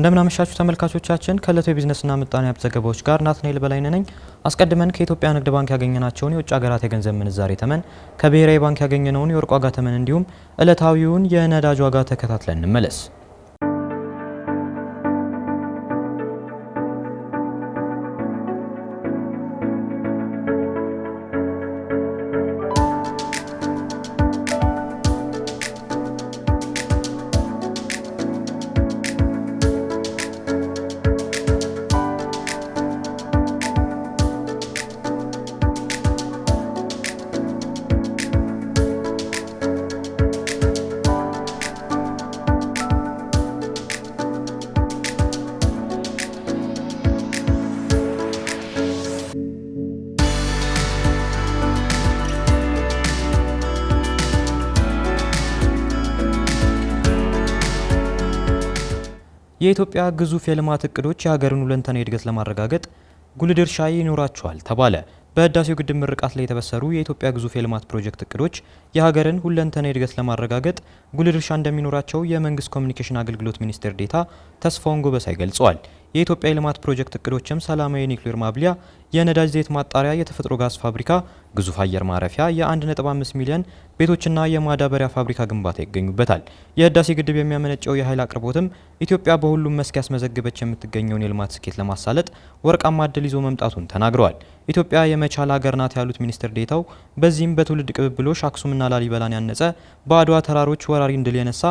እንደምናመሻችሁ ተመልካቾቻችን ከእለቱ የቢዝነስና ምጣኔ ሀብት ዘገባዎች ጋር ናትናኤል በላይ ነኝ። አስቀድመን ከኢትዮጵያ ንግድ ባንክ ያገኘናቸውን የውጭ ሀገራት የገንዘብ ምንዛሬ ተመን፣ ከብሔራዊ ባንክ ያገኘነውን የወርቅ ዋጋ ተመን እንዲሁም እለታዊውን የነዳጅ ዋጋ ተከታትለን እንመለስ። የኢትዮጵያ ግዙፍ የልማት እቅዶች የሀገርን ሁለንተናዊ እድገት ለማረጋገጥ ጉልህ ድርሻ ይኖራቸዋል ተባለ። በህዳሴው ግድብ ምርቃት ላይ የተበሰሩ የኢትዮጵያ ግዙፍ የልማት ፕሮጀክት እቅዶች የሀገርን ሁለንተናዊ እድገት ለማረጋገጥ ጉልህ ድርሻ እንደሚኖራቸው የመንግስት ኮሚኒኬሽን አገልግሎት ሚኒስቴር ዴታ ተስፋውን ጎበሳይ ገልጸዋል። የኢትዮጵያ የልማት ፕሮጀክት እቅዶችም ሰላማዊ የኒውክሌር ማብሊያ፣ የነዳጅ ዘይት ማጣሪያ፣ የተፈጥሮ ጋዝ ፋብሪካ፣ ግዙፍ አየር ማረፊያ፣ የ1.5 ሚሊዮን ቤቶችና የማዳበሪያ ፋብሪካ ግንባታ ይገኙበታል። የህዳሴ ግድብ የሚያመነጨው የኃይል አቅርቦትም ኢትዮጵያ በሁሉም መስክ ያስመዘግበች የምትገኘውን የልማት ስኬት ለማሳለጥ ወርቃማ እድል ይዞ መምጣቱን ተናግረዋል። ኢትዮጵያ የመቻል ሀገር ናት ያሉት ሚኒስትር ዴታው በዚህም በትውልድ ቅብብሎሽ አክሱምና ላሊበላን ያነጸ በአድዋ ተራሮች ወራሪን ድል የነሳ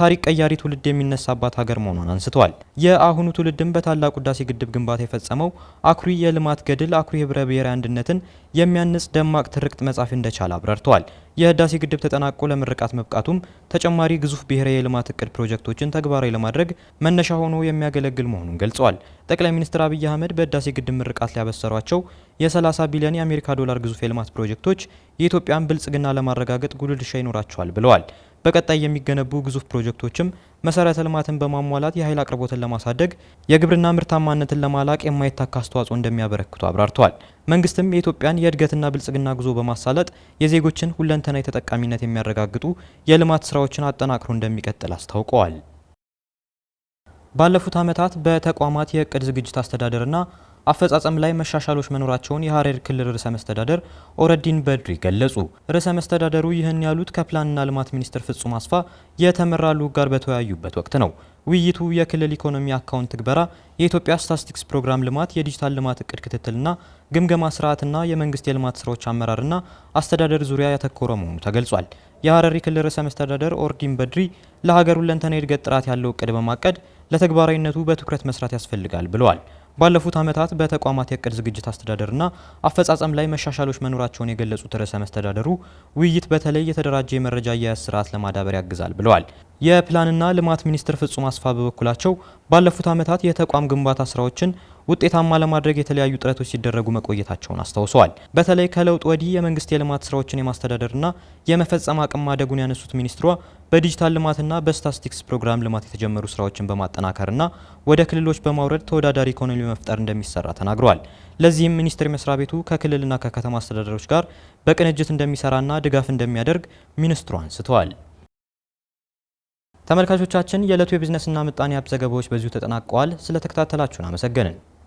ታሪክ ቀያሪ ትውልድ የሚነሳባት ሀገር መሆኗን አንስተዋል። የአሁኑ ትውልድም በታላቁ ህዳሴ ግድብ ግንባታ የፈጸመው አኩሪ የልማት ገድል አኩሪ ህብረ ብሔራዊ አንድነትን የሚያንጽ ደማቅ ትርክት መጻፍ እንደቻለ አብራርተዋል። የህዳሴ ግድብ ተጠናቆ ለምርቃት መብቃቱም ተጨማሪ ግዙፍ ብሔራዊ የልማት እቅድ ፕሮጀክቶችን ተግባራዊ ለማድረግ መነሻ ሆኖ የሚያገለግል መሆኑን ገልጸዋል። ጠቅላይ ሚኒስትር አብይ አህመድ በህዳሴ ግድብ ምርቃት ሊያበሰሯቸው የ30 ቢሊዮን የአሜሪካ ዶላር ግዙፍ የልማት ፕሮጀክቶች የኢትዮጵያን ብልጽግና ለማረጋገጥ ጉልህ ድርሻ ይኖራቸዋል ብለዋል። በቀጣይ የሚገነቡ ግዙፍ ፕሮጀክቶችም መሰረተ ልማትን በማሟላት የኃይል አቅርቦትን ለማሳደግ የግብርና ምርታማነትን ለማላቅ የማይታካ አስተዋጽኦ እንደሚያበረክቱ አብራርተዋል። መንግስትም የኢትዮጵያን የእድገትና ብልጽግና ጉዞ በማሳለጥ የዜጎችን ሁለንተናዊ ተጠቃሚነት የሚያረጋግጡ የልማት ስራዎችን አጠናክሮ እንደሚቀጥል አስታውቀዋል። ባለፉት ዓመታት በተቋማት የእቅድ ዝግጅት አስተዳደርና አፈጻጸም ላይ መሻሻሎች መኖራቸውን የሐረር ክልል ርዕሰ መስተዳደር ኦረዲን በድሪ ገለጹ። ርዕሰ መስተዳደሩ ይህን ያሉት ከፕላንና ልማት ሚኒስትር ፍጹም አስፋ የተመራሉ ጋር በተወያዩበት ወቅት ነው። ውይይቱ የክልል ኢኮኖሚ አካውንት ትግበራ፣ የኢትዮጵያ ስታቲስቲክስ ፕሮግራም ልማት፣ የዲጂታል ልማት እቅድ ክትትልና ግምገማ ስርዓትና የመንግስት የልማት ስራዎች አመራርና አስተዳደር ዙሪያ ያተኮረ መሆኑ ተገልጿል። የሀረሪ ክልል ርዕሰ መስተዳደር ኦርዲን በድሪ ለሀገሩ ለንተና እድገት ጥራት ያለው እቅድ በማቀድ ለተግባራዊነቱ በትኩረት መስራት ያስፈልጋል ብለዋል። ባለፉት ዓመታት በተቋማት የእቅድ ዝግጅት አስተዳደርና አፈጻጸም ላይ መሻሻሎች መኖራቸውን የገለጹት ርዕሰ መስተዳደሩ ውይይት በተለይ የተደራጀ የመረጃ አያያዝ ስርዓት ለማዳበር ያግዛል ብለዋል። የፕላንና ልማት ሚኒስትር ፍጹም አስፋ በበኩላቸው ባለፉት ዓመታት የተቋም ግንባታ ስራዎችን ውጤታማ ለማድረግ የተለያዩ ጥረቶች ሲደረጉ መቆየታቸውን አስታውሰዋል። በተለይ ከለውጥ ወዲህ የመንግስት የልማት ስራዎችን የማስተዳደርና የመፈጸም አቅም ማደጉን ያነሱት ሚኒስትሯ በዲጂታል ልማትና በስታስቲክስ ፕሮግራም ልማት የተጀመሩ ስራዎችን በማጠናከርና ወደ ክልሎች በማውረድ ተወዳዳሪ ኢኮኖሚ መፍጠር እንደሚሰራ ተናግረዋል። ለዚህም ሚኒስቴር መስሪያ ቤቱ ከክልልና ከከተማ አስተዳደሮች ጋር በቅንጅት እንደሚሰራና ድጋፍ እንደሚያደርግ ሚኒስትሩ አንስተዋል። ተመልካቾቻችን የዕለቱ የቢዝነስና ምጣኔ ሀብት ዘገባዎች በዚሁ ተጠናቀዋል። ስለተከታተላችሁን አመሰገንን።